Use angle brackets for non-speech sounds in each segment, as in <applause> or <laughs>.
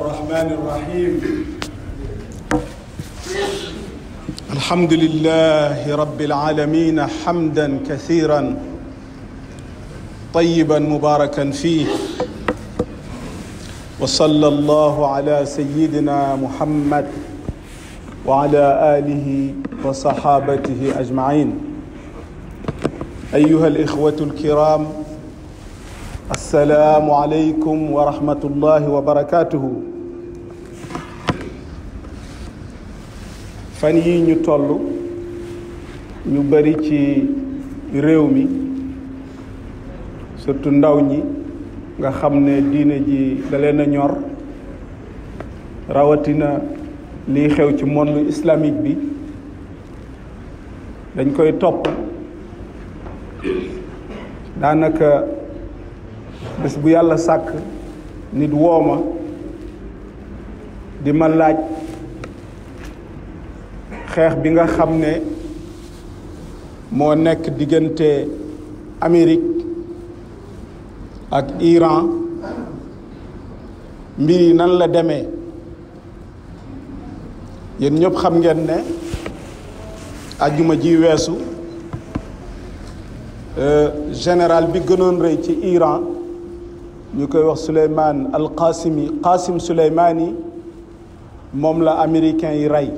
الرحمن الرحيم الحمد لله رب العالمين حمدا كثيرا طيبا مباركا فيه وصلى الله على سيدنا محمد وعلى آله وصحابته أجمعين أيها الإخوة الكرام السلام عليكم ورحمة الله وبركاته fan yii ñu toll ñu bari ci réew mi surtout ndaw ñi nga xam ne diine ji da leen ñor rawatina liy xew ci monde islamique bi dañ koy topp daanaka bés bu yàlla sàkk nit wooma di ma laaj xeex bi nga xam ne moo nekk diggante Amérique ak Iran mbir yi nan la demee yéen ñëpp xam ngeen ne ajuma ji weesu euh, général bi gënoon rëy ci Iran ñu koy wax Souleymane al Qasimi Qasim Souleymani moom la américain yi rey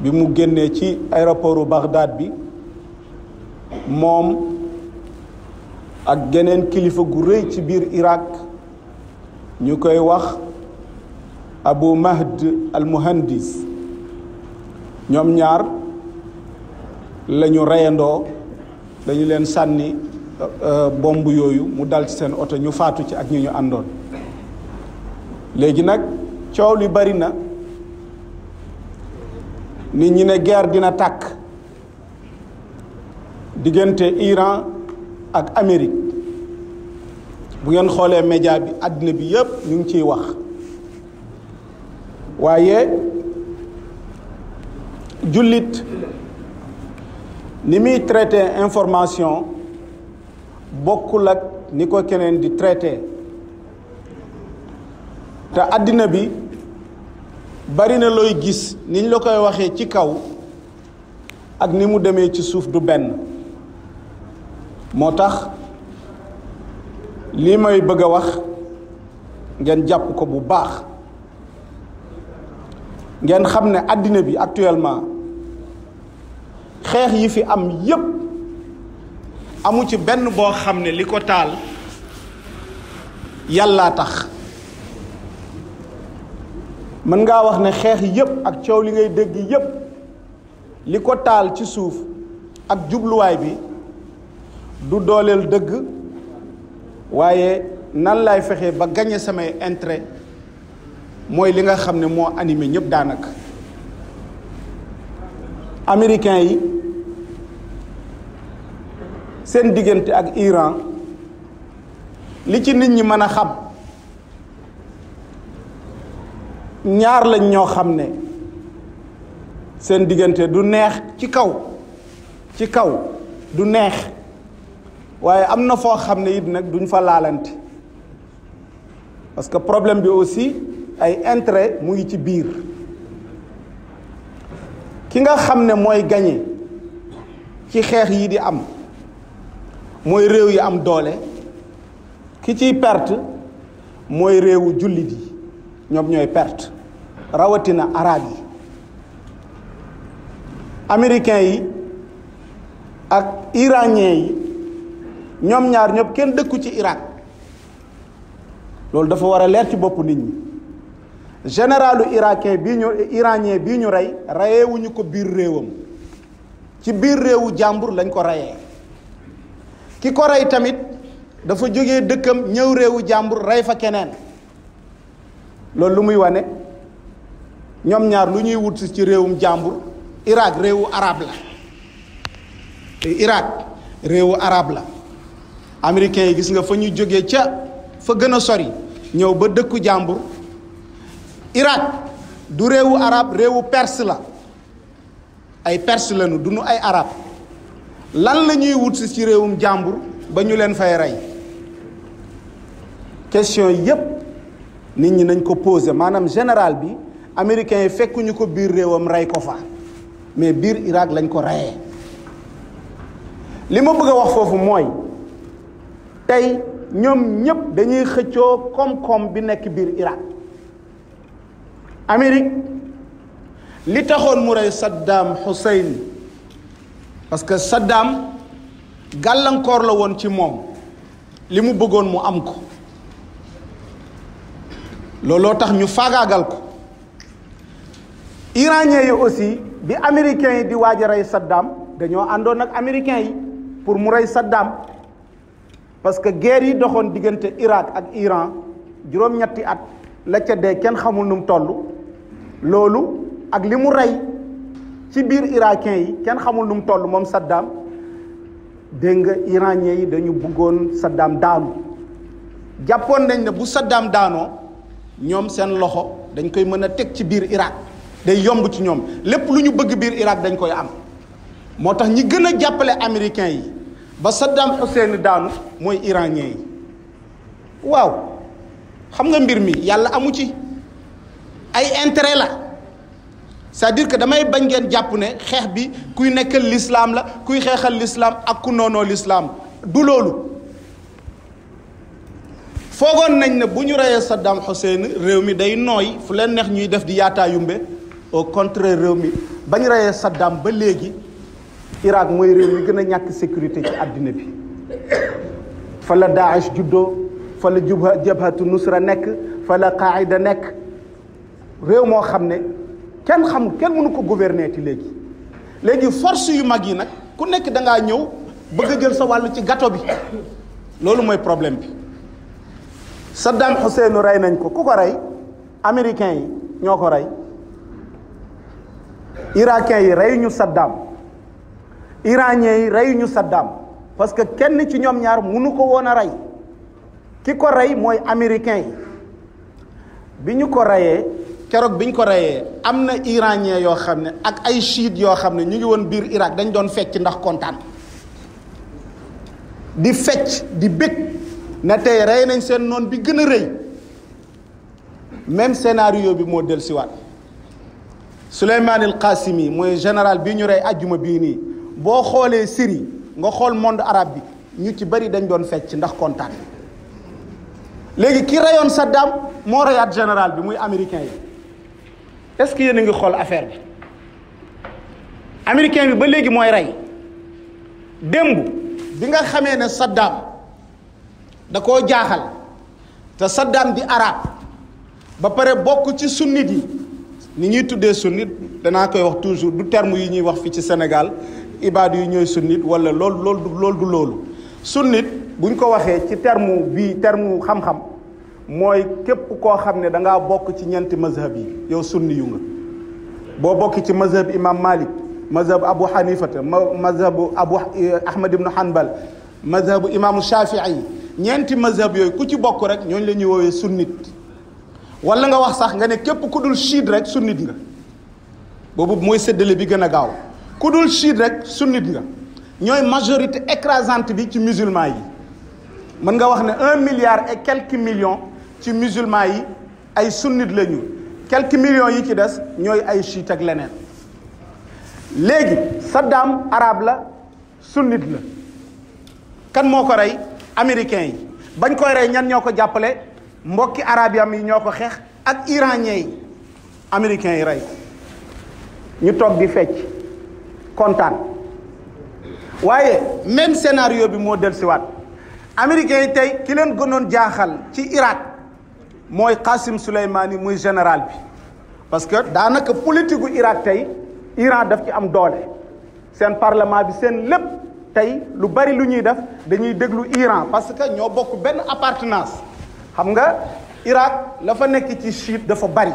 bi mu génnee ci aéroportu Bagdad bi moom ak geneen kilifa gu rëy ci biir Irak ñu koy wax Abu Mahd al-Muhandis ñoom ñaar lañu reyandoo dañu leen sànni euh, euh, bomb yooyu mu dal ci seen oto ñu faatu ci ak ñu ñu àndoon léegi nag coow li bari na nit ñi ne guerre dina takk diggante Iran ak Amérique bu ngeen xoolee média bi àddina bi yépp ñu ngi ciy wax waaye jullit ni muy traité information bokkul ak ni ko keneen di traité te àddina bi bari na looy gis niñ la koy waxee ci kaw ak ni mu demee ci suuf du benn moo tax lii may bëgg a wax ngeen jàpp ko bu baax ngeen xam ne àddina bi actuellement xeex yi fi am yépp amu ci benn boo xam ne li ko taal yàllaa tax mën ngaa wax ne xeex yépp ak coow li ngay dégg yépp li ko taal ci suuf ak jubluwaay bi du dooleel dëgg waaye nan laay fexe ba gañe samay intérêt mooy li nga xam ne moo animé ñépp daanaka américain yi seen diggante ak Iran li ci nit ñi mën a xam ñaar lañ ñoo xam ne seen diggante du neex ci kaw ci kaw du neex waaye am na foo xam ne it nag duñ fa laalante parce que problème bi aussi ay intérêt mu ci biir ki nga xam ne mooy gañe ci xeex yi di am mooy réew yi am doole ki ciy perte mooy réewu jullit yi ñoom ñooy perte rawatina arab yi americain yi ak iraniens yi ñoom ñaar ñëpp kenn dëkku ci Irak loolu dafa war a leer ci boppu nit ñi généralu irakien bii ñu iranien bii ñu rey reyeewuñu ko biir réewam ci biir réewu jàmbur lañ ko reyee ki ko rey tamit dafa jógee dëkkam ñëw réewu jàmbur rey fa keneen loolu lu muy wane ñoom ñaar lu ñuy wut ci réewum jàmbur Irak réewu arab la Irak réewu arab la américains yi gis nga fa ñu jóge ca fa gën a sori ñëw ba dëkku jàmbur Irak du réewu arab réewu perse la ay perse lañu du nu ay arab lan la ñuy si ci réewum jàmbur ba ñu leen fay rey question yépp nit ñi nañ ko posé maanaam général bi américains yi fekkuñu ko biir réewam rey ko fa mais biir Irak lañ ko reyee li ma bëgg a wax foofu mooy tey ñoom ñépp dañuy xëccoo koom-koom bi nekk biir Irak Amérique li taxoon mu rey Saddam Hussein parce que Saddam gàllankoor la woon ci moom li mu bëggoon mu am ko looloo tax ñu faagaagal ko iranien yi aussi bi américains yi di waaj a rey Saddam dañoo àndoon ak américains yi pour mu rey Saddam parce que guerre yi doxoon diggante Irak ak Iran juróom-ñetti at la ca dee kenn xamul nu mu toll loolu ak li mu rey ci biir irakien yi kenn xamul nu mu toll moom Saddam dégg nga iranien yi dañu buggoon Saddam daanu jàppoon nañ ne bu Saddam daanoo ñoom seen loxo dañ koy mën a teg ci biir Irak day yomb ci ñoom lépp lu ñu bëgg biir Irak dañ koy am moo tax ñi gën a jàppale américain yi ba Saddam Hussein daanu mooy iran yi waaw xam nga mbir mi yàlla amu ci ay intérêt la c'est-à-dire que damay bañ ngeen jàpp ne xeex bi kuy nekkal lislaam la kuy xeexal l'islam ak ku noonoo lislaam du loolu foogoon nañ ne bu ñu reyee Saddam Hussein réew mi day nooy fu leen neex ñuy def di yaataa yumbe au contraire réew mi ba ñu reyee Saddam ba léegi Irak mooy réew mi gën a ñàkk sécurité ci àddina bi fa la Daesh juddoo fa la jabaatu jabhatu nusra nekk fa la qaida nekk réew moo xam ne kenn xam kenn mënu ko gouverner ti léegi léegi force yu mag yi nag ku nekk da ngaa ñëw bëgg a jël sa wàll ci gato bi loolu mooy problème bi Saddam Hussein rey nañ ko ku ko rey américains yi ñoo ko rey irakiens yi rey ñu Saddam iraniens yi reyuñu ñu Saddam parce que kenn ci ñoom ñaar mënu ko woon a rey ki ko rey mooy américains yi bi ñu ko reyee keroog bi ñu ko reyee am na iranien yoo xam ne ak ay chiite yoo xam ne ñu ngi woon biir Irak dañ doon fecc ndax kontaan di fecc di bëgg na tey rey nañ seen noon bi gën a rëy même scénario bi moo del siwaat Souleymane El Qasimi mooy général bi ñu rey ajjuma bii nii boo xoolee Syrie nga xool monde arab bi ñu ci bari dañ doon fecc ndax kontaan léegi ki reyoon Saddam moo reyaat général bi muy américain yi est-ce que yéen a ngi xool affaire bi américain bi ba léegi mooy rey démb bi nga xamee ne Saddam da koo jaaxal te Saddam di arab ba pare bokk ci sunnit yi ni ñuy tuddee sunnit danaa koy wax toujours du terme yi ñuy wax fi ci senegal ibaadu yi ñooy sunnit wala lool loolu du lool du loolu sunnit buñ ko waxee ci terme bii terme xam-xam mooy képp koo xam ne danga bokk ci ñeenti mazhab yi yow sunni yu nga boo bokk ci mazhab imam Malik mazhabu Abu Hanifata mazhabu Abu eh, Ahmad ibn Hanbal mazhabu imam Shafii ñeenti mazhab yooyu ku ci bokk rek ñooñu la ñuy woowee sunnit wala nga wax sax nga ne képp ku dul chiite rek sunnit nga boobu mooy séddale bi gën a gaaw ku dul rek sunnit nga ñooy majorité écrasante bi ci musulman yi mën nga wax ne un milliard et quelques million ci musulman yi ay sunnit la ñu quelques millions yi ci des ñooy ay chiite ak leneen léegi sa Saddam arabe la sunnit la kan moo ko rey américains yi bañ koy rey ñan ñoo ko jàppale mbokki arabiyam yi am ñoo ko xeex ak iranien yi américains yi rey ñu toog di fecc kontaan waaye même scénario bi moo dellusiwaat américains yi tey ki leen gënoon jaaxal ci Irak mooy Qasim Soleimani muy général bi parce que daanaka politique gu Irak tey Iran daf ci am doole seen parlement bi seen lépp. tey lu bari lu ñuy def dañuy déglu Iran parce que ñoo bokk benn appartenance xam nga Irak la fa nekk ci chiite dafa bari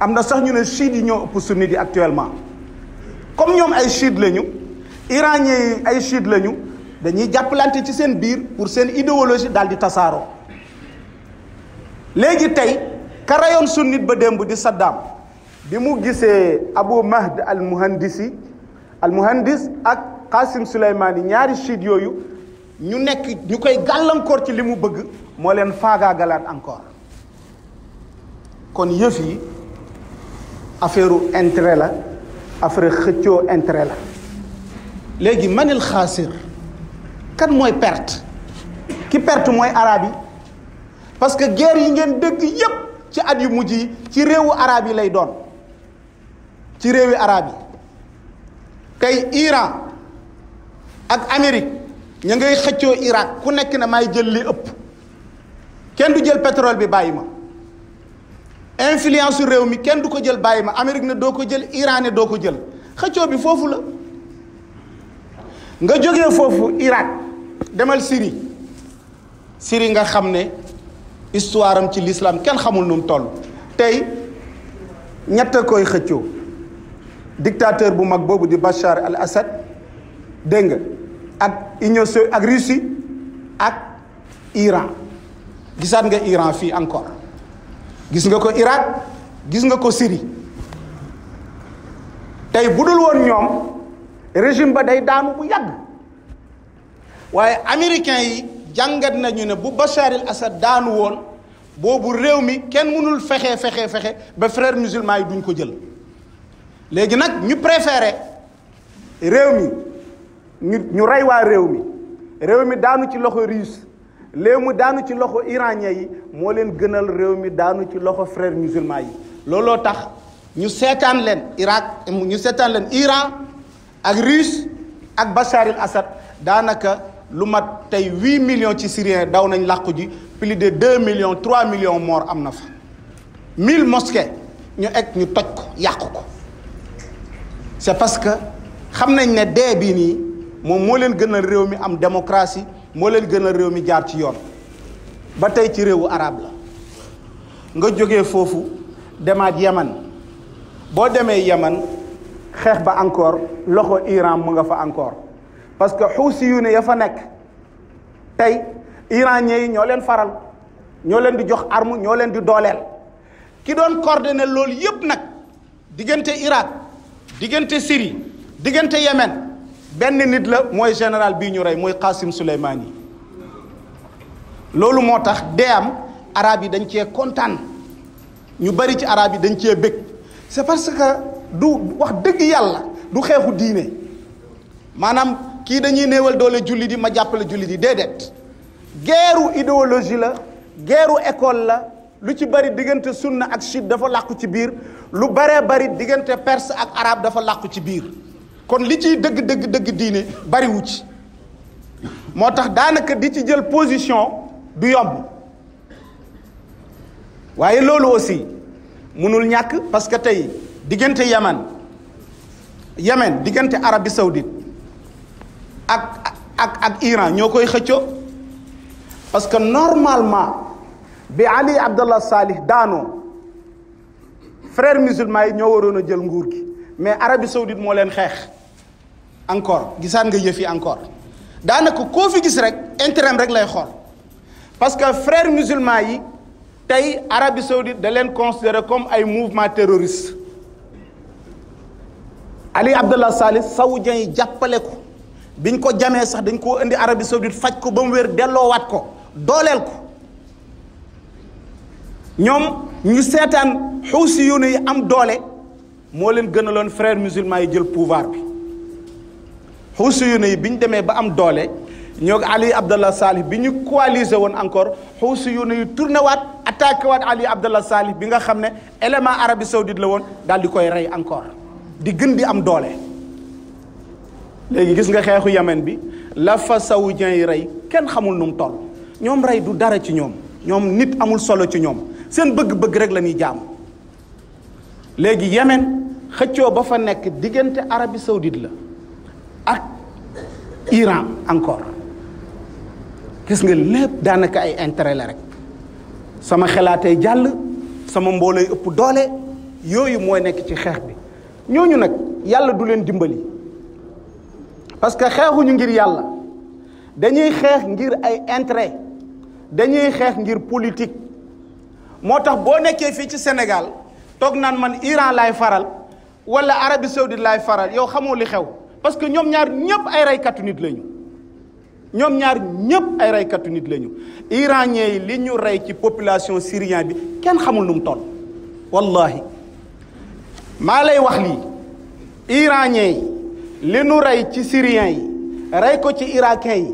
am na sax ñu ne chiite yi ñoo ëpp sunni di actuellement comme ñoom ay chiite lañu iranien yi ay chiite lañu dañuy jàppalante ci seen biir pour seen idéologie daal di tasaaroo léegi tey ka rayoon sunnit ba démb di Saddam bi mu gisee Abu Mahd al muhandisi al muhandis ak. Qasim Souleymane ñaari chiites yooyu ñu nekk ñu koy gàllankoor ci li mu bëgg moo leen faagaagalaat encore kon yëf yi affaire u intérêt la affaire xëccoo intérêt la léegi manil xaasir kan mooy perte ki perte mooy araab yi parce que guerre yi ngeen dëgg yëpp ci at yu mujj yi ci réewu araab yi lay doon ci réewi araab yi tey Iran ak Amérique ña ngay xëccoo Irak ku nekk na may jël li ëpp kenn du jël pétrole bi bàyyi ma influence su réew mi kenn du ko jël bàyyi ma Amérique na doo ko jël Iran ne doo ko jël xëccoo bi foofu la nga jógee foofu Irak demal Syrie Syrie nga xam ne histoire ci l'islam kenn xamul nu mu tey ñett koy xëccoo dictateur bu mag boobu di Bachar al-Assad dégg nga ak Union ak Russie ak Iran gisaat nga Iran fi encore gis nga ko Irak gis nga ko Syrie tey bu dul woon ñoom régime ba day daanu bu yàgg waaye américain yi jàngat nañu ne bu Bachar el-Assad daanu woon boobu réew mi kenn mënul fexe fexe fexe ba frère musulman yi duñ ko jël léegi nag ñu préféré réew mi. ñu rey waa réew mi réew mi daanu ci loxo russe léew mu daanu ci loxo iranien yi moo leen gënal réew mi daanu ci loxo frère musulman yi looloo tax ñu seetaan leen Irak ñu seetaan leen Iran ak russe ak Bachar el Assad daanaka lu mat tey huit millions ci Syriens daw nañ làqu ji plus de deux millions trois million morts am na fa mille mosque ñu egg ñu toj ko yàqu ko c'est parce que xam nañ ne dee bii nii moom moo leen gënal réew mi am démocratie moo leen gënal réew mi jaar ci yoon ba tey ci réewu arab la nga jóge foofu demaat yaman boo demee yaman xeex ba encore loxo Iran mu nga fa encore parce que xuusi yu ne ya fa nekk tey iranien yi ñoo leen faral ñoo leen di jox armu ñoo leen di dooleel ki doon coordonné loolu yépp nag diggante Irak diggante Syrie diggante Yémen benn nit la mooy général bii ñu rey mooy Qasim Souleymani loolu moo tax dee am arab yi dañ cee kontaan ñu bari ci arab yi dañ cee bëgg c'est parce que du wax dëgg yàlla du xeexu diine maanaam kii dañuy néewal doole julli di ma jàppale julli di déedéet guerru idéologie la guerru école la lu ci bari diggante sunna ak chiite dafa làqu ci biir lu baree bari diggante perse ak arabe dafa làqu ci biir kon li ciy dëgg dëgg dëgg diine bariwu ci moo tax daanaka di ci jël position du yomb waaye loolu aussi mënul ñàkk parce que tey diggante yaman yemen diggante arabie saoudite ak ak ak iran ñoo koy xëccoo parce que normalement bi ali abdallah salih daanoo frère musulman yi ñoo waroon a jël nguur gi mais arabi saoudite moo leen xeex encore gisaat nga yëf yi encore daanaka koo fi gis rek intérêt rek lay xool parce que frères musulmans yi tey Arabie Saoudite da leen considéré comme ay mouvement terroriste Ali Abdallah Salih saoudien yi jàppale ko biñ ko jamee sax dañ koo indi Arabie Saoudite faj ko ba mu wér delloowaat ko dooleel ko ñoom ñu seetaan xuusi yu ne yi am doole moo leen gënaloon frères musulmans yi jël pouvoir bi xuusiyuuna yi bi ñu demee ba am doole ñoo Ali Abdallah Salih bi ñu coalisé woon encore xuusiyuuna yi tourné waat attaqué waat Ali Abdallah Salih bi nga xam ne élément Arabie Saoudite la woon daal di koy rey encore di gën di am doole. léegi gis nga xeexu Yemen bi la fa saoudien yi rey kenn xamul num mu toll ñoom rey du dara ci ñoom ñoom nit amul solo ci ñoom seen bëgg-bëgg rek la ñuy jaam léegi Yemen xëccoo ba fa nekk diggante arabi Saoudite la. Iran encore gis nga lépp daanaka ay intérêt la rek sama xelaatee jàll sama mboolay ëpp doole yooyu mooy nekk ci xeex bi ñooñu nag yàlla du leen dimbali parce que xeexuñu ngir yàlla dañuy xeex ngir ay intérêt dañuy xeex ngir politique moo tax boo nekkee fii ci Sénégal toog naan man Iran laay faral wala Arabie Saoudite laay faral yow xamoo li xew parce que ñoom ñaar ñëpp ay raykatu nit lañu ñoom ñaar ñëpp ay raykatu nit lañu iranien yi li ñu rey ci population syrien bi kenn xamul nu mu toll wallahi maa lay wax lii iranien yi li nu ray ci syrien yi rey ko ci irakien yi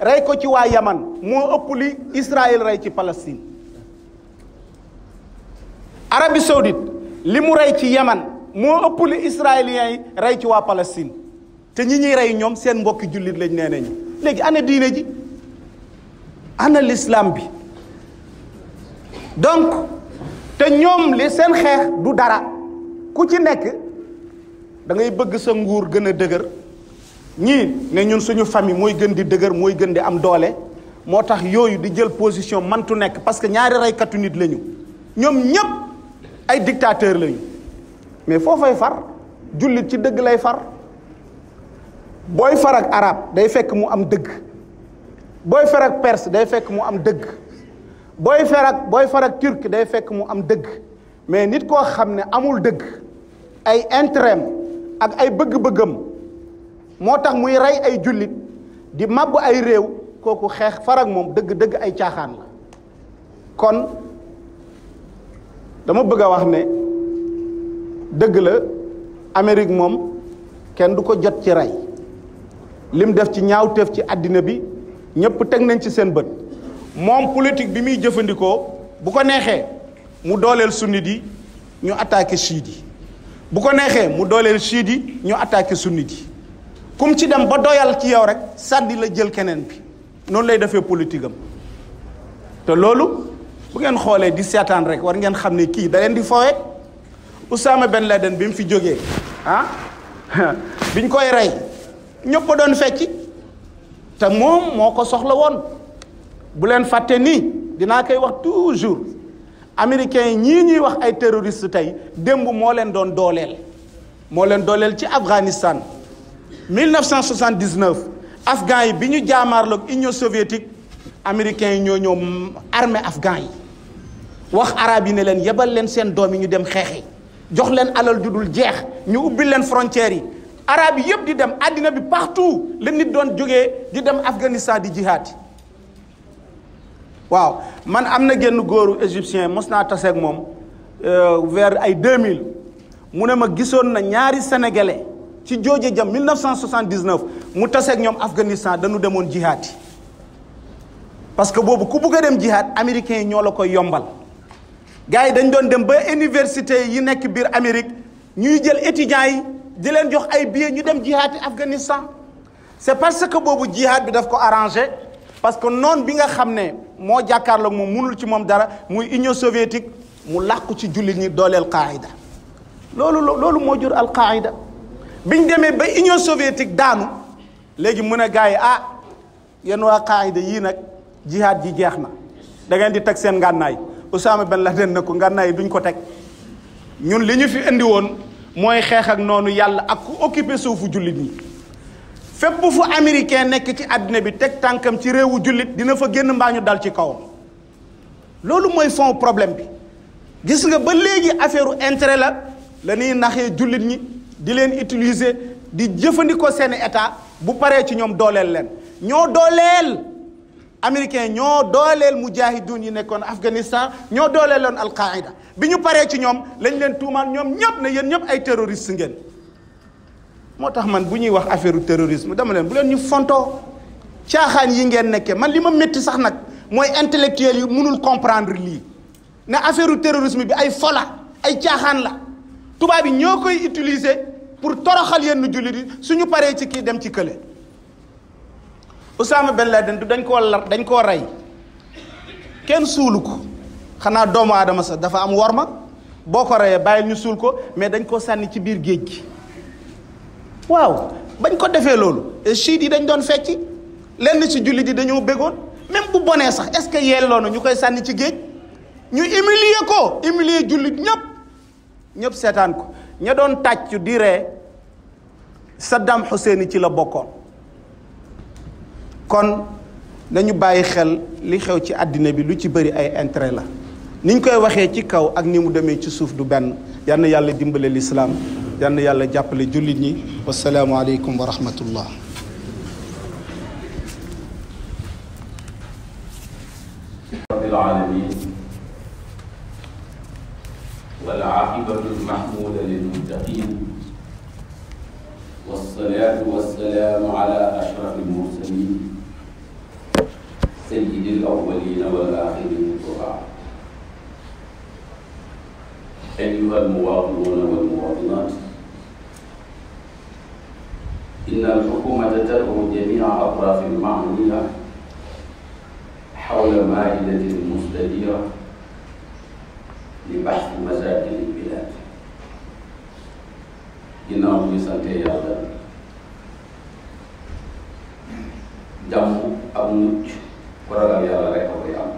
rey ko ci waa yaman moo ëpp li Israël rey ci Palestine arabi Saoudite li mu rey ci yaman moo ëpp li israéliens yi rey ci waa Palestine te ñi ñuy rey ñoom seen mbokki jullit lañ nee nañu léegi ana diine ji ana l'islam bi donc te ñoom li seen xeex du dara ku ci nekk da ngay bëgg sa nguur gën a dëgër ñii ne ñun suñu famille mooy gën di dëgër mooy gën di am doole moo tax yooyu di jël position mantu nekk parce que ñaari reykatu nit lañu ñoom ñépp ay dictateur lañu mais foo fay far jullit ci dëgg lay far booy far arab day fekk mu am dëgg booy far perse day fekk mu am dëgg booy far booy far ak turc day fekk mu am dëgg mais nit koo xam ne amul dëgg ay intérêt ak ay bëgg-bëggam moo tax muy rey ay jullit di màbb ay réew kooku xeex far moom dëgg-dëgg ay caaxaan la kon dama bëgg a wax ne dëgg la Amérique moom kenn du ko jot ci rey lim def ci ñaaw ñaawteef ci àddina bi ñëpp teg nañ ci seen bët moom politique bi muy jëfandikoo bu ko neexee mu dooleel sunnit yi ñu attaqué chiite bu ko neexee mu dooleel chiite ñu attaqué sunnit yi kum ci dem ba doyal ci yow rek sàddi la jël keneen bi noonu lay defee politique am te loolu bu ngeen xoolee di seetaan rek war ngeen xam ne kii da leen di fooye benn la Laden bi mu fi jógee ah <laughs> biñ koy rey ñëpp a doon fecc te moom moo ko soxla woon bu leen fàtte nii dinaa koy wax toujours américains yi ñii ñuy wax ay terroristes tey démb moo leen doon dooleel moo leen dooleel ci Afghanistan 1979 afghans yi bi ñu jaamaarloog Union soviétique américains yi ñoo ñëw armée afghans yi wax arab yi ne leen yebal leen seen doom yi ñu dem xeexi jox leen alal ju dul jeex ñu ubbi leen frontières yi arab yi yëpp di dem àddina bi partout la nit doon jógee di dem Afghanistan di jihaad waaw man am na génn góoru égyptien mos naa taseeg moom euh, vers ay 2000 mu ne ma gisoon na ñaari sénégalais ci jooje jam 1979 mu taseeg ñoom Afghanistan danu demoon jihaad parce que boobu ku bugg a dem jihaad américain yi ñoo la koy yombal gars yi dañ doon dem ba université yi nekk biir Amérique ñuy jël étudiants yi. di leen jox ay billets ñu dem jihaati Afghanistan c'est parce que boobu jihaat bi daf ko arrangé parce que noon bi nga xam ne moo jàkkaarloog moom mënul ci moom dara muy Union soviétique mu làqu ci jullit ñi dooleel qaayida loolu loolu moo jur al qaayida biñ demee ba Union soviétique daanu léegi mën a gars yi ah yéen waa qaayida yii nag jihaat ji jeex na da ngeen di teg seen ngànnaay Osama benn Laden na ko ngànnaay duñ ko teg ñun li ñu fi indi woon mooy xeex ak noonu yàlla ak ku occupé suufu jullit ñi fépp fu américain nekk ci àddina bi teg tànkam ci réewu jullit dina fa génn mbaa ñu dal ci kawam loolu mooy son problème bi gis nga ba léegi affaire u la la naxee jullit ñi di leen utiliser di jëfandikoo seen état bu paree ci ñoom dooleel leen ñoo dooleel américain ñoo dooleel mujaahidoon yi nekkoon Afghanistan ñoo loon alqaida bi ñu paree ci ñoom lañ leen tuumaal ñoom ñëpp ne yéen ñëpp ay terroriste ngeen moo tax man bu ñuy wax affaire terrorisme dama leen bu leen ñu fontoo caaxaan yi ngeen nekkee man li ma métti sax nag mooy intellectuel yi mënul comprendre lii ne affaire terrorisme bi ay fola ay caaxaan la tubaab yi ñoo koy utiliser pour toroxal yenn jullit yi suñu paree ci kii dem ci kële. Osama Ben Laden du dañ koo lar dañ koo rey kenn suulu ko xanaa doomu aadama sax dafa am worma boo ko reyee bàyyil ñu suul ko mais dañ koo sànni ci biir géej gi waaw bañ ko defee loolu chiites yi dañ doon fecci lenn ci jullit yi dañoo bëggoon même bu bonee sax est-ce que yelloo na ñu koy sànni ci géej ñu humilier ko humilier jullit ñëpp ñëpp seetaan ko ña doon tàcc di ree Saddam Hussein ci la bokkoon kon nañu bàyyi xel li xew ci àddina bi lu ci bari ay intérêt la niñ koy waxee ci kaw ak ni mu demee ci suuf du benn yal yàlla dimbale lislaam yal na yàlla jàppale jullit ñi wasalaamu aleykum wa rahmatullah rabbil alamin lil awwalina wal aaxirina qur'an أيها المواطنون والمواطنات إن الحكومة تدعو جميع الأطراف المعنية حول مائدة مستديرة لبحث مشاكل البلاد ginnaaw bi ñu sante yàlla jàmm ak mucc ragal yàlla rek ko koy am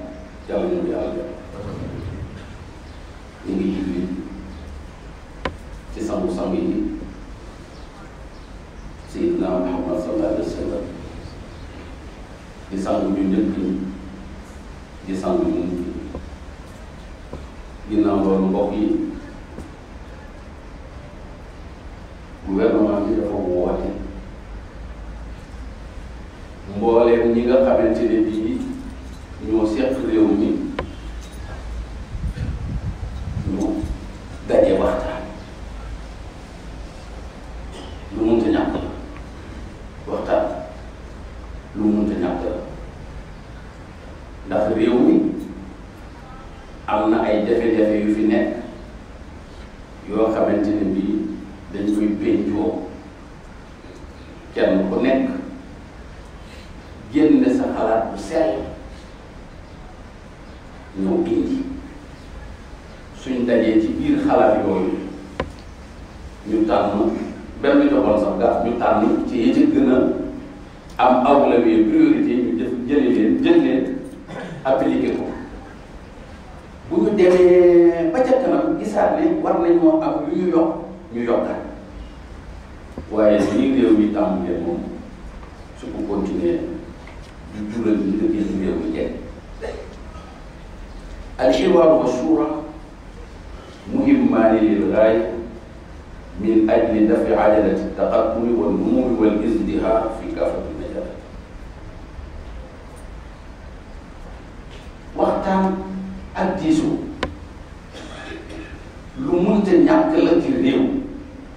jàmm ñu yàlla mbooleem ñi nga xamante ne bii ñoo réew mi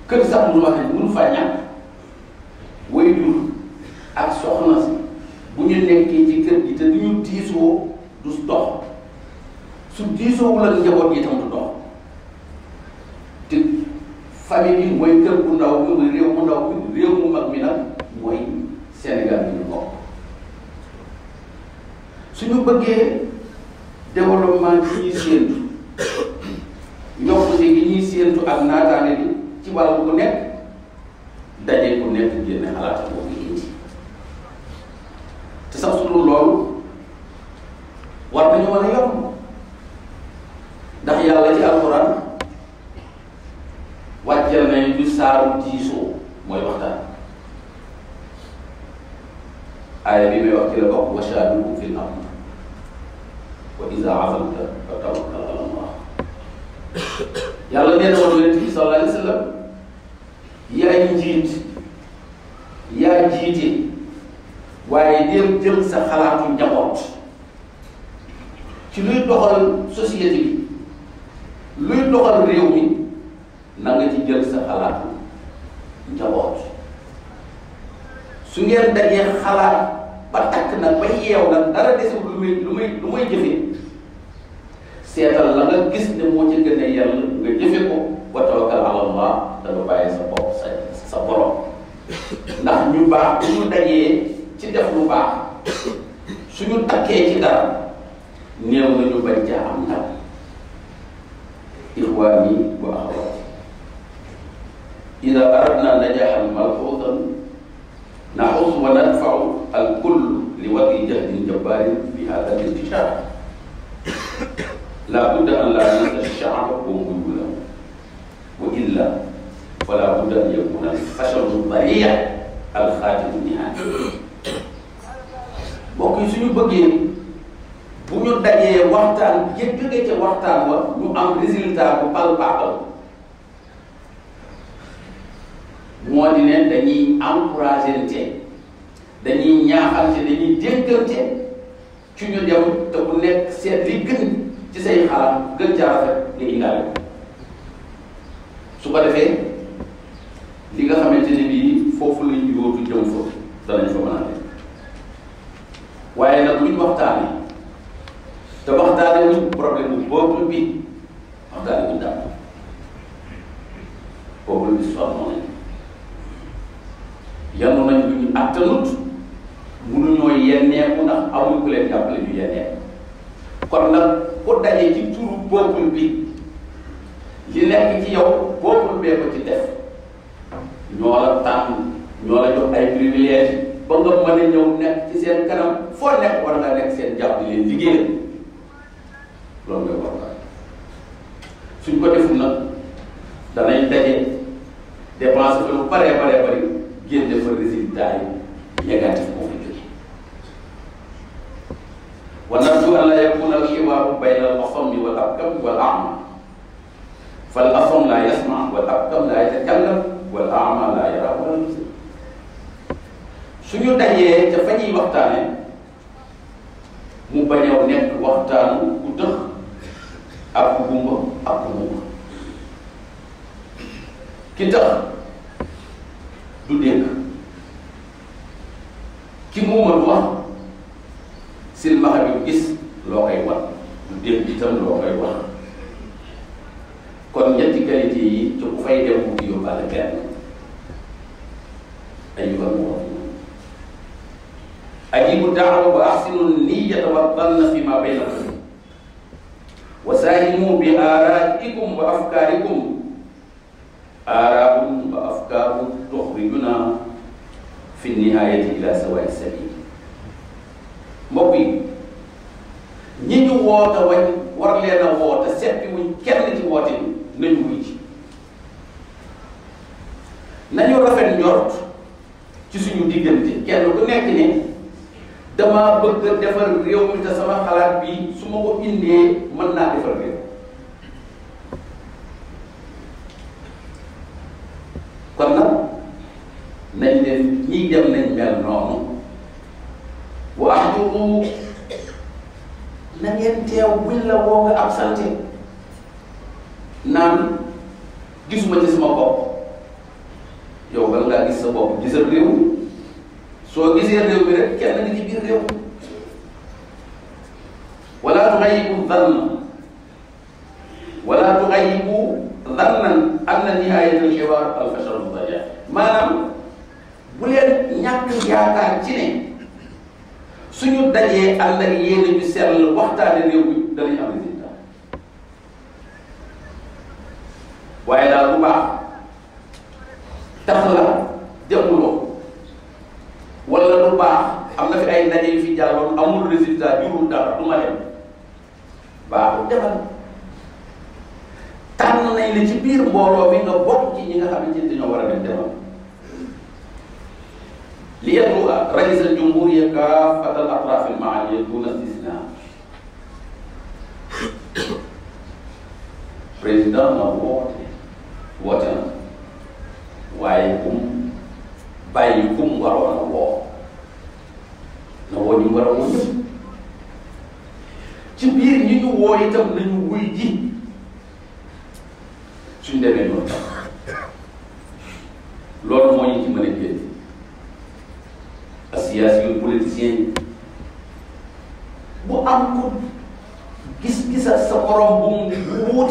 kër sax lu ma xam mënu fa ñàkk way jur ak soxna si bu ñu nekkee ci kër gi te ñu diisoo du dox su diisoowul ak njaboot yi tam du dox te famille mooy kër bu ndaw bi réew mu ndaw bi réew mu mag mi nag mooy Sénégal bi ñu bokk suñu bëggee développement bi ñuy séentu yokk gi ñuy séentu ak naataane bi ci wàllu bu nekk daje ku nekk génne xalaat boobu indi te sax su loolu war nañu mën a yomb ndax yàlla ci alxuraan wàcceel nañ saaru diisoo mooy waxtaan aaya bi may wax ci la bokk wa shaawirhum fil amr wa izaa azamta fatawakkal ala Allah yàlla nee na woon yonent bi sallallahu alayhi wa sallam yaay njiit yaa jiite waaye deel jël sa xalaatu njaboot ci luy doxal société bi luy doxal réew mi na nga ci jël sa xalaatu njaboot su ngeen dajee xalaat ba takk nag ba yeew nag dara desul lu muy lu muy lu muy jëfe gis ne moo ci nga jëfe ko wa tawakkal ala Allah da sa bopp sa borom ndax ñu baax bu ñu dajee ci def lu baax suñu takkee ci dara néew na ñu bañ caa wa axawaati ida aradna najaaxan malxuusan naxus wa nadfau al kull li wadi jahdin jabbaarin fi hada al intishaar laa budda an laa wa illa fala budda an yakuna alfashalu bariya alxaatimu nihaan mbokk yi suñu bëggee bu da dajee waxtaan yëg jóge ca waxtaan wa ñu am résultat bu palpable moo di ne dañuy encouragé dañuy ñaaxante dañuy déggante ci ñu dem te bu nekk seet li gën ci say xalaat gën ca rafet nga indaale su ko defee li nga xamante ne bii foofu lañ yóotu jëm fa danañ fa mën a dem waaye nag luñ waxtaane te waxtaane wuñ problème bu peuple bi waxtaane wuñ dàpp peuple bi sonnoon nañ yanu nañ lu ñu attanut mënuñoo yenneeku ndax amuñ ku leen jàppale ñu yenneeku kon nag ku daje ci turu peuple bi li nekk ci yow peuple bee ko ci def ñoo la tànn ñoo ay privilège ba nga mën a ñëw nekk ci seen kanam foo nekk war nga nekk seen jàpp di leen liggéeyal loolu nga war naa suñ ko pa nag danañ daje dépense bi lu baree baree bari génne fa résultat yi négatif moo fi jóge wa narju an laa yakuna al ximaaru bayna al asammi wal abkam wal ama fal asam laa yasma wal abkam laa yatakallam wala ama laa yara wala muslim suñu dajee ca fa ñuy waxtaane mu a nekk waxtaanu ku tëx gumba ak gumba ki tëx du ki muumal wax silmaxa bi gis loo koy wan du dégg itam loo koy kon ñetti qualité yi ci ku fay dem mu ngi yóbbaale wa ahsinu niyyata wa dhanna fi ma baynakum wa bi aaraa'ikum wa afkaarikum aaraa'un wa afkaaru tuxrijuna fi nihaayati ila sawaa'i sabiil mbokk yi ñi ñu woote wañ war leen a woote seppi wuñ nañu wuy ji nañu rafet njort ci suñu diggante kenn ku nekk ne damaa bëgg a defar réew mi te sama xalaat bi su ma ko indee mën naa defar réew kon nag nañ leen ñiy dem nañ mel noonu wax ju na ngeen teew buñ la woo nga absenté naan gisuma ci sama bopp yow bala gis sa bopp gisal réew soo gisee réew bi rek kenn ngi ci biir réew wala tuxayibu dhann wala tuxayibu dhannan anna nihayatal xiwaar al fasharu daja maanaam bu leen ñàkk yaakaar ci ne suñu dajee ànd ak yéene ju sell waxtaane réew bi danañ am waaye daal bu baax tax la jëmmuloo wala lu baax am na fi ay ndaje yu fi jàlloon amul résultat jurul dara du ma dem baaxul demal tànn nañ la ci biir mbooloo bi nga bokk ci ñi nga xamante ni dañoo war a dem demal li yatlu rais al jumhuriya kaafat al atraf al maaliya duna istisna président na woote woote na waaye kum bàyyi kum waroon a woo na woo ñu war a ci biir ñi ñu woo itam nañu wuy ji suñ demee noonu tam loolu moo ci mën a génn asiyaas yu politicien yi bu am ko gis-gisal sa borom bu mu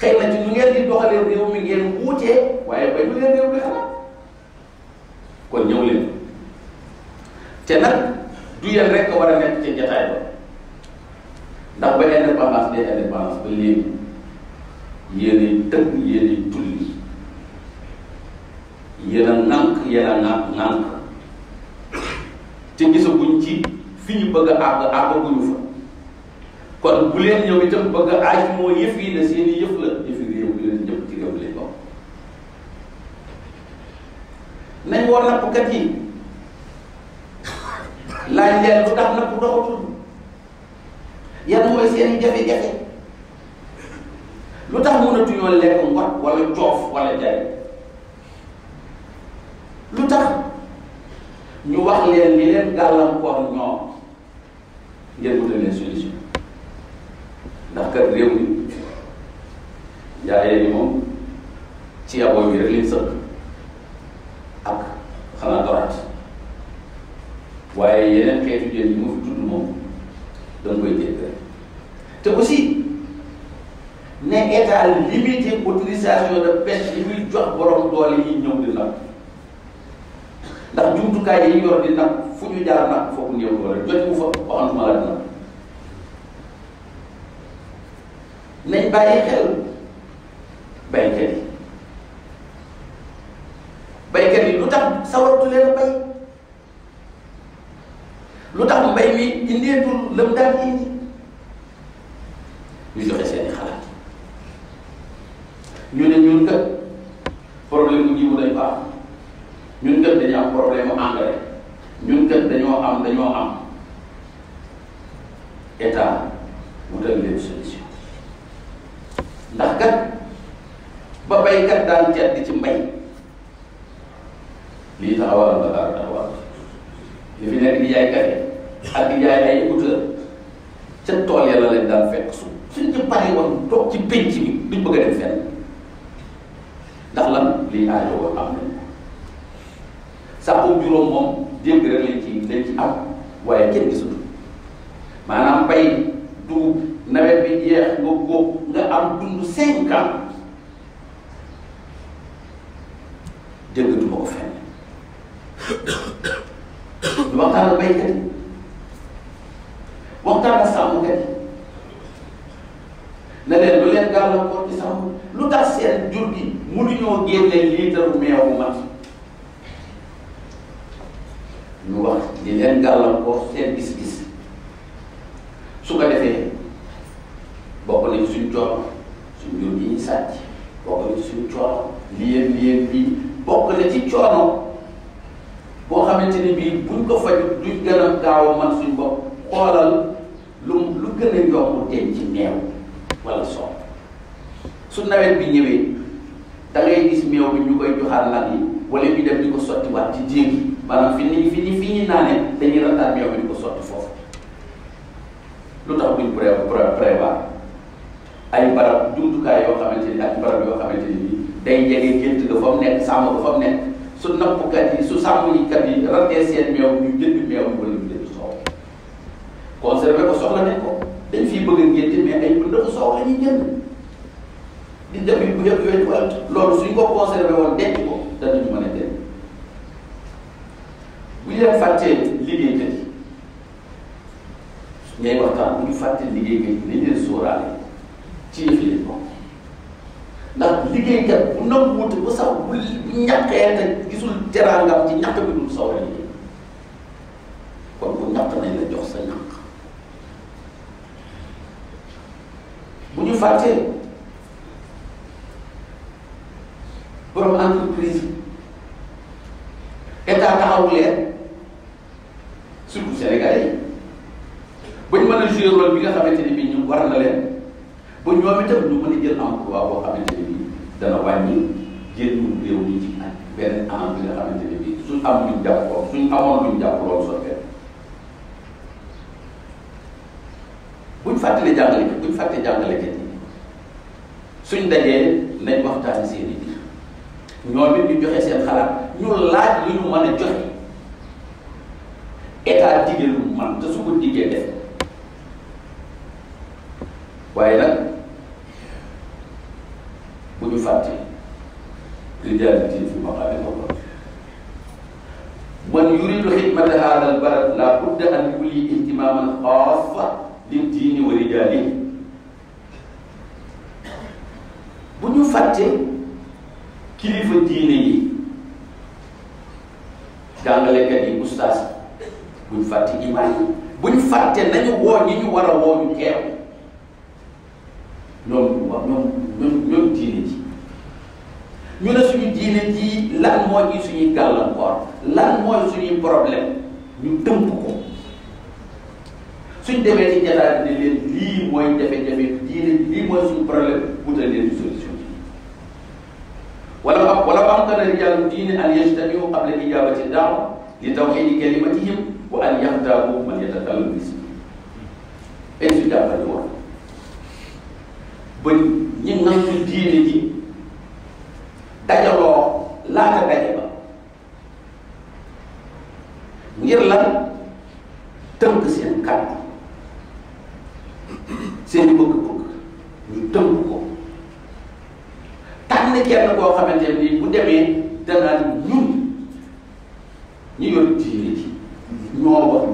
xëy na ci ñu ngeen di doxalee réew mi ngeen wuutee waaye bay ñu leen réew mi xalaat kon ñëw leen te nag du yéen rek ko war a nekk ci jataay ba ndax ba indépendance des indépendance ba léegi yéenay tëgg yéenay tulli yéen a ŋànk yéen a ŋànk ŋànk te ci fi ñu bëgg a àgg àggaguñu fa kon bu leen ñëw itam bëgg a aaj moo yëf yi ne nañ war nappkat yi laaj leen lu tax napp doxatul yan mooy seen jafe-jafe lu tax mënatuñoo lekk ngot wala coof wala jaay lu tax ñu wax leen li leen gàllankoor ñoom ngeen wutal leen solution ndax kat réew mi jaayee ni moom ci aboo bi rek liñ sëkk xanaa doraat waaye yeneen xeetu jën yi ma fi tudd moom danga koy jégg rek te aussi ne état limité autorisation de pêche yi muy jox borom doole yi ñëw di nag ndax jumtukaay yi yor di na fu ñu jaar nag foofu néew doole jot mu fa waxantuma la di nag nañ bàyyi xel baykat yi baykat yi lu tax sawartu leen bay lu tax mbay mi indeetul lëm daan indi ñu joxe seeni xalaat ñu ne ñun kat problème mu jiwu day baax ñun kat dañu am problème mu engrais ñun kat dañoo am dañoo am état wutal leen solution ndax kat ba baykat daan tedd ci mbay lii taxawal la daal taxawal li fi nekk di jaay kafe ak di jaay ay écouteur ca tool ya la leen daan fekk su suñ ci pare woon toog ci bi duñ bëgg a dem fenn ndax lan lii aajoo woon am nañ ko saxum juróom moom dégg rek lañ ci lañ ci am waaye kenn gisatul maanaam bay du nawet bi jeex nga góob nga am dund cinq ans waxtaan baykat yi waxtaan sàmmkat yi ne leen lu leen gàllankoor ci sàmm lu tax seen jur gi mënuñoo génne liitaru meewu mat ñu wax li leen gàllankoor seen gis-gis su ko defee bokk nañ suñ coono suñ jur gi ñu sàcc bokk nañ suñ coono liyeen liyeen bii bokk na ci coono boo xamante ni bii buñ ko faj duñ gën a gaaw a man suñ bopp xoolal lu lu gën a yomb dem ci meew wala soow su nawet bi ñëwee da gis meew bi ñu koy joxaat nag yi wala ñu dem di ko sottiwaat ci jéeg yi fi ni fi ni fi ñu naanee dañuy rattaat meew bi di ko sotti foofu lu tax buñ pré prévoir ay barab jumtukaay yoo xamante ni ak barab yoo xamante ni day jege gént ga fa mu nekk sàmm ga mu nekk su nappkat yi su sàmmkat yi ràññee seen meew ñu jënd meew wala ñu jënd soow conservé ko soxla nañ ko dañ fiy bëgg a ngénte mais ay bundaku soow la ñuy jënd di dem it bu yëpp yooyu wàll loolu suñ ko conservé woon denc ko danañu mën a denc bu ñu leen fàttee liggéeykat yi ngay waxtaan bu ñu fàtte liggéeykat yi nañ leen sóoraale ci yëf yi ndax liggéeykat bu nanguwut ba sax bu ñàkkee te gisul teraangam ci ñàkk bi dul sow la liggéey kon bu ñàkk nañ la jox sa ñàkk bu ñu fàttee borom entreprise état taxawu leen surtout Sénégalais yi bañ mën a jouer rôle bi nga xamante ni bii ñu war na leen. ba ñoom itam ñu mën a jël emploi boo xamante ne bii dana wàññi génn réew mi ci ak benn anam bi nga xamante ne bii suñ am luñ jàpp lool suñ amoon luñ jàpp lool sottee buñ fàttali jàngalekat buñ fàttali jàngalekat yi suñ dajee nañ waxtaan seen i biir ñoom it ñu joxe seen xalaat ñu laaj li ñu mën a joxe état jigéen lu man te su ko diggee def waaye nag rijaalati fi maqaami mawlud man yuridu xidmata haada al balad laa budda an yuli ihtimaaman xaassa liddiini wa rijaalihi bu ñu fàtte kilifa diine yi jàngalekat yi ustaas bu ñu fàtte imaam yi bu ñu fàtte nañu woo ñi ñu war a woo ñu teew ñu ne suñu diine ji lan moo ci suñuy gàllankoor lan mooy suñuy problème ñu tënk ko suñ demee ci jataay bi ne leen lii mooy jafe-jafe diine lii mooy suñu problème wutal leen solution wala ba wala ba amkana rijaalu diine an yajtamiu qabla ijaabati daawa li tawxiidi kalimatihim wa an yaxtaabu man yatakallamu bis ay su jàppale woon ba ñi nangu diine ji dajaloo laata daje ngir lan tënk seen kàddu seen bëgg-bëgg ñu tënk ko tànn kenn koo xamante ni bu demee danaa ñun ñu yor diine ji ñoo ba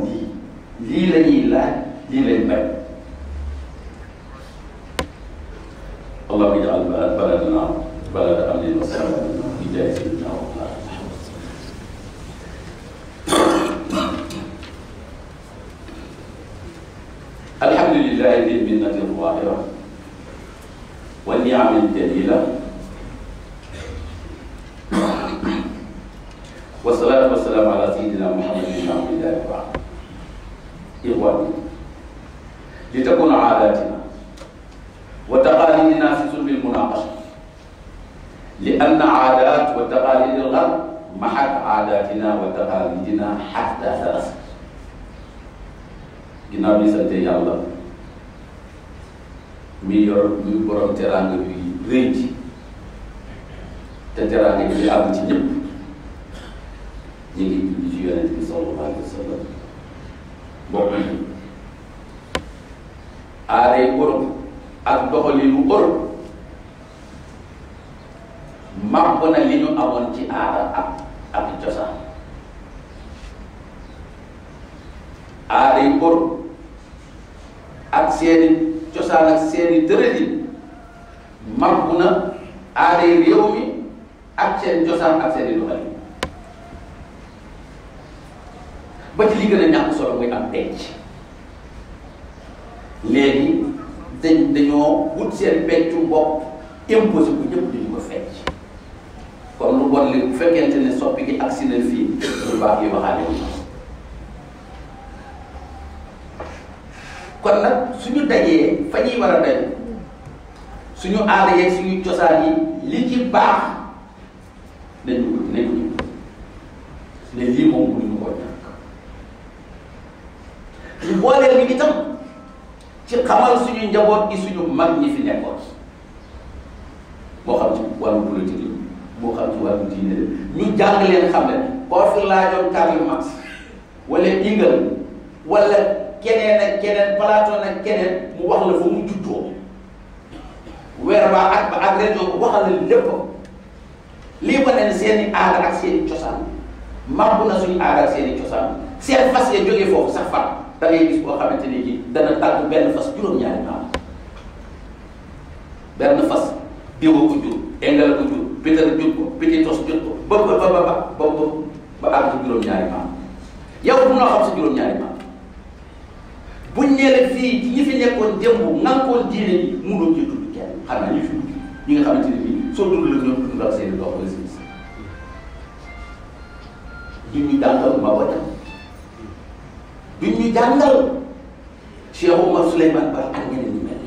ak seeni cosaan ak seeni tëralin màgg na aaday réew mi ak seen cosaan ak seeni doxalin ba ci li gën a ñàkk solo muy am denc léegi dañ bu ñëpp dañu ko kon lu bon li bu ne soppi gi agsi na fii lu baax yi kon nag suñu dajee fa ñuy ye a daj suñu aada yeeg suñu cosaan yi li ci baax nañ ko nañ ko ne lii moom mënuñu ko ñàkk ñu booleel ñu itam ci xamal njaboot gi suñu mag ñi fi nekkoon moo xam ci wàllu politique moo xam ci wàllu diine ñu jàng leen xam ne koo fi laajoon Karl Marx wala Engels wala. keneen ak keneen Platon keneen mu wax la fa mu juddoo weer ba ak ba ak région waxal la lépp lii ma leen seen i aada ak seen i cosaan màbb na suñu aada ak seen cosaan seen fas ya jógee foofu sax far da ngay gis boo xamante ne ji dana benn fas juróom-ñaari maam benn fas diwa ko jur engala ko jur pétar jur ko pété tos jur ko ba ba ba ba ba ba ba àgg juróom-ñaari maam yow bu noo xam sa juróom-ñaari nekkoon démb nankoon diine yi mënoo cee dund kenn xam na ñu fi dund ñi nga xamante ne bii soo dund la ñoom dund ndaw seen dox la siis duñ ñu jàngal ma wata duñ ñu jàngal Cheikh Oumar Souleymane Ba ak ñeneen ñu mel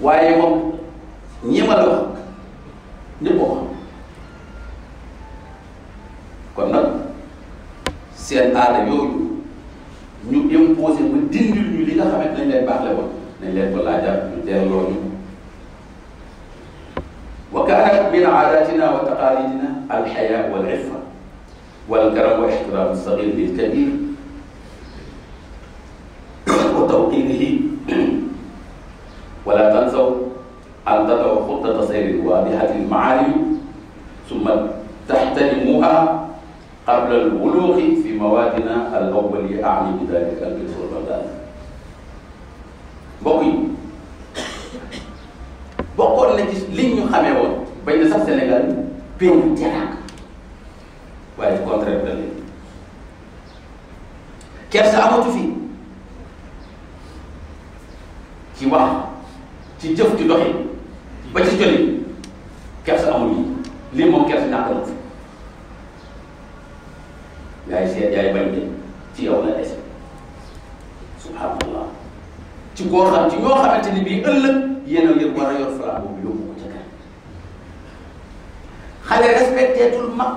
waaye moom ñi ma la wax ñëpp ko xam kon aada yooyu ñu imposé ba dindil ñu li nga xamante nañ leen baaxle woon nañ leen ko laajaat ñu delloo ñu wa kaana min aadatina wa taqaalidina alxayaa wal iffa wal karam wa ixtiraam sagir bil kabir qabla al-buluugi fi mawaadina al-awwali a'ni bi daalika al-irsi wal baldan mbokk yi bokkoon na ci liñ ñu xamee woon bañ na sax Sénégal benn teraanga waaye contraire da leen kersa amatu fi ci wax ci jëf ci doxi ba ci joli kersa amul yi lii moom kersa ñàkk na yaay seet yaay bañ de ci yow la des subhaanallah ci koo xam ci ñoo xamante ni bii ëllëg yéen a ngeen war a yor fala ko ca xale respecteetul mag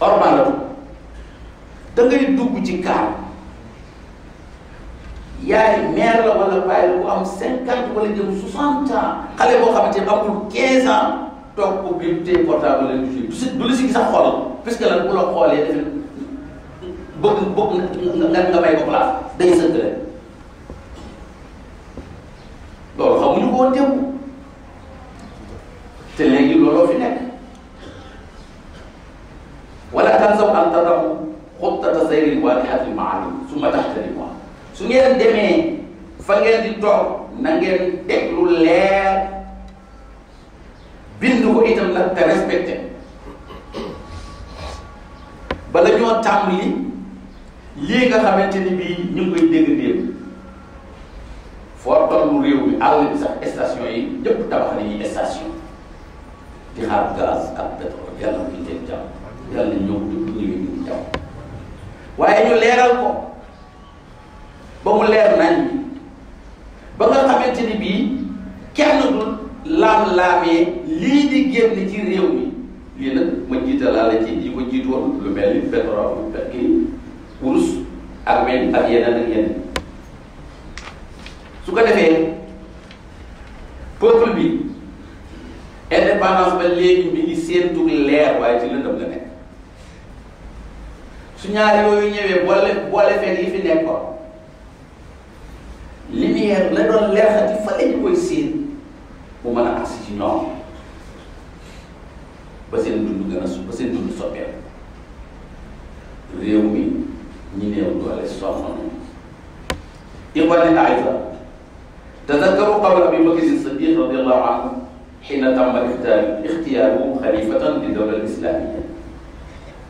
ormal la da ngay dugg ci kaar yaay maire la wala bàyyi la bu am cinquante wala jëm soixante ans xale boo xamante ni amul quinze ans toog bi mu téye portable leen di joué du la si gis sax xoolal puisque lan bu la nga nga may ko place day sëkk rek loolu xamuñu ko woon te léegi looloo fi nekk wala tansaw an tadaru xuttata sayri waadihatil maalim summa taxtarimu su ngeen demee fa ngeen di toog na ngeen teg lu bind ko itam la te respecté bala ñoo tàmbali lii nga xamante ni bii ñu ngi koy dégg démb foo tollu réew mi àll bi sax station yi ñëpp tabax nañuy station di xaar gaz ak pétrole yàlla ñu leen jàmm yàlla ñëw ñëw ñëw ñëw waaye ñu leeral ko. yépp li ci réew mi lii nag ma jiitalaale ci yi ko jiitoon lu mel ni pétrole ak kii wurus ak mel ak yeneen ak yeneen su ko defee peuple bi indépendance ba léegi mi ngi séentu leer waaye ci lëndëm la nekk su ñaar yooyu ñëwee boole boole fekk yi fi nekkoon lumière la doon leer xati fa lañu koy séen mu mën a agsi gën a ba seen dund soppeeku réew mi ñi néew doole sonn nañu ikhwani al-a'izza tadakkaru qawla Abi Bakr as-Siddiq radiyallahu anhu حين تم اختياره خليفة للدولة الإسلامية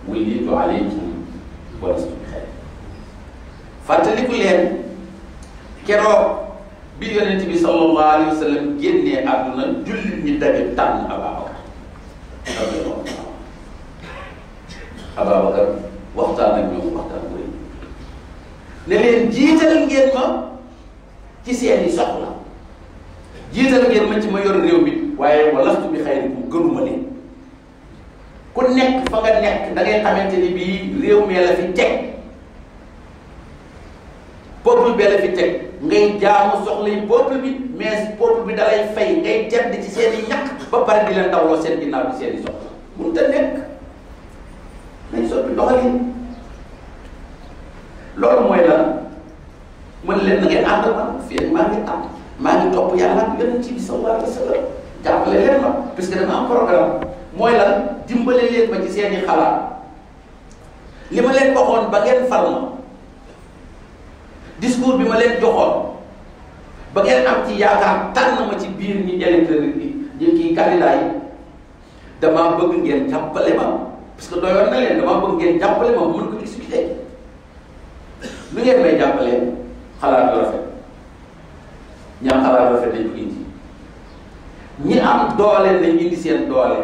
وليت عليكم ولست بخير fàttaliku leen keroog bi yonent bi sallallahu alayhi wa sallam génnee àdduna jullit ñi daje tànn Abubakar Ababacar waxtaan ak ñoom waxtaan bu rëy ne leen jiital ngeen ma ci seeni soxla jiital ngeen ma ci ma yor réew mi waaye walaftu bi xëy na ku gënuma ne ku nekk fa nga nekk da xamante ni bii réew mee la fi teg peuple bee la fi teg ngay jaamu soxla yi peuple bi mais peuple bi dalay fay ngay tedd ci seen i ba pare di leen dawloo seen ginnaaw bi seen soxla mun te nekk nañ soppi doxalin loolu mooy la mën leen na ngeen ànd man fii maa ngi ànd maa ngi topp yàlla a yonent bi sallallahu alayhi wa sallam jàppale leen ma puisque dama am programme mooy lan dimbale leen ma ci seen i xalaat li ma leen waxoon ba ngeen fal ma discours bi ma leen joxoon ba ngeen am ci yaakaar na ma ci biir ñi électeur yi ñi kii candidat yi damaa bëgg ngeen jàppale ma parce que doy war na leen dama bëgg ngeen jàppale ma mën ko expliquer ngeen may jàppalee xalaat lu rafet ñi am xalaat lu rafet dañ ko indi ñi am doole nañ indi seen doole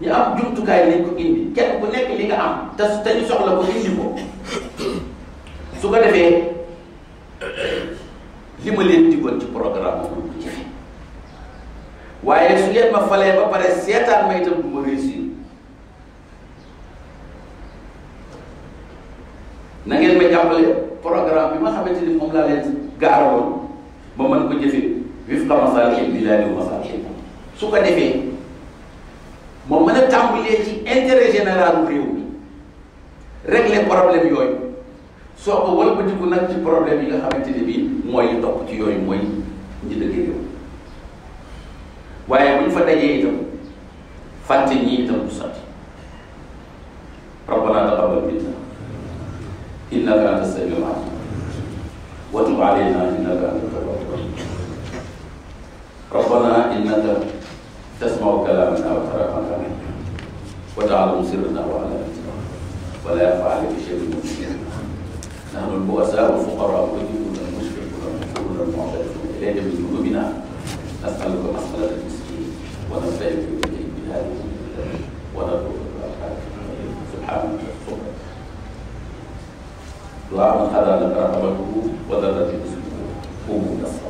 ñi am jumtukaay nañ ko indi kenn ku nekk li nga am ta te ñu soxla ko indi ko su ko defee li ma leen digoon ci programme moom du ko jafe waaye su leen ma falee ba pare seetaan ma itam du ma réussir. na ngeen ma jàppale program bi ma xamante ni moom laa leen gaarawoon ba mën ko jëfee wif ka masaalixi billahi wa defee ma mën a tàmbalee ci intérêt général réew mi régler yooyu soo ko walbatiku nag ci problème yi nga xamante ne bii mooy li topp ci yooyu mooy ñi dëkk réew waaye bu ñu fa dajee itam fàtte ñii itam du innaka anta samiul alim wa tub alayna innaka anta tawwabur rahim rabbana innaka tasma'u kalamana wa tara maganana wa ta'lamu sirrana wa alaniyatana wa la yakhfa alayka shay'un min amrina nahnu al-bu'asaa wal-fuqaraa wal-junuud al-mushfiquuna al-maqtuuluuna al-mu'taduuna ilayka min dhunubina nas'aluka mas'alata al-miskin wa wa man hada laka rahmatuhu wa dalla bi usbihi umura